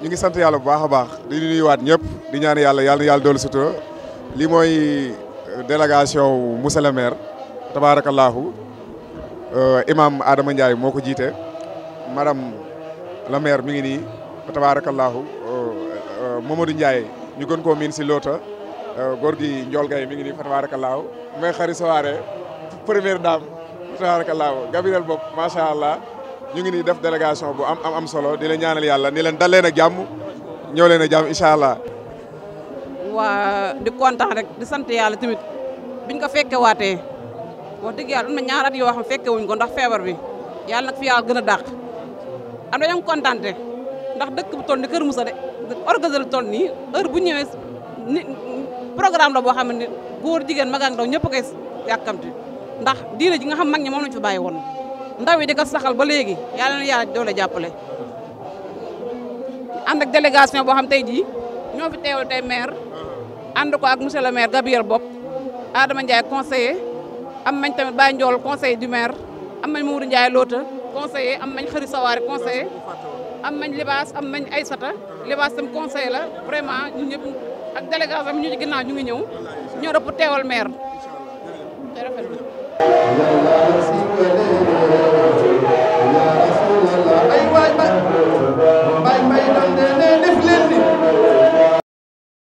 ñu ngi sant yàlla bu baax a baax di nuyuwaat ñëpp di ñaan yàlla yàlla na yàlla doolu sutura lii mooy euh, délégation monsieur le maire tabaarakallaahu euh, imam Adama Ndiaye moo ko jiite madame la maire mi ngi nii tabaarakallaahu euh, Mamadou Ndiaye ñu gën koo miin si loota góor gi Ndiol Gaye mi ngi nii fa tabaarakallaahu may xari sawaare première dame tabaarakallaahu Gabriel Bopp macha allah. ñu ngi nii def délégation bu am am am solo di leen ñaanal yàlla ni leen dal leen ak jàmm ñëw leen ak jàmm incha allah. waa di kontaan rek di sant yàlla tamit biñ ko fekke waatee wax dëgg yàlla am na ñaar at yoo xam fekke wuñ ko ndax feebar bi yàlla nag fi gën a dàq. am na ñoo kontante ndax dëkk bu toll ni Kër Moussa de organiser lu toll nii heure bu ñëwee ni programme la boo xam ne góor jigéen mag ak ndaw ñëpp a koy yàkkamti ndax diine ji nga xam mag ñi moom lañ fa bàyyi woon. ndaw yi di ko saxal ba léegi yàlla na yàlla doole jàppale. ànd ak délégation boo xam tey jii ñoo fi teewal tey maire ànd ko ak monsieur le maire Gabriel Bopp Adama Ndiaye conseiller am nañ tamit ba Ndiol conseiller du maire am nañ Mamadou Ndiaye Lota conseiller am nañ Xëri Sawaare conseiller am nañ Libaas am nañ sata Libaas tam conseiller la vraiment ñun ñëpp ak délégation bi ñu ci ginnaaw ñu ngi ñëw ñoo doon pour maire.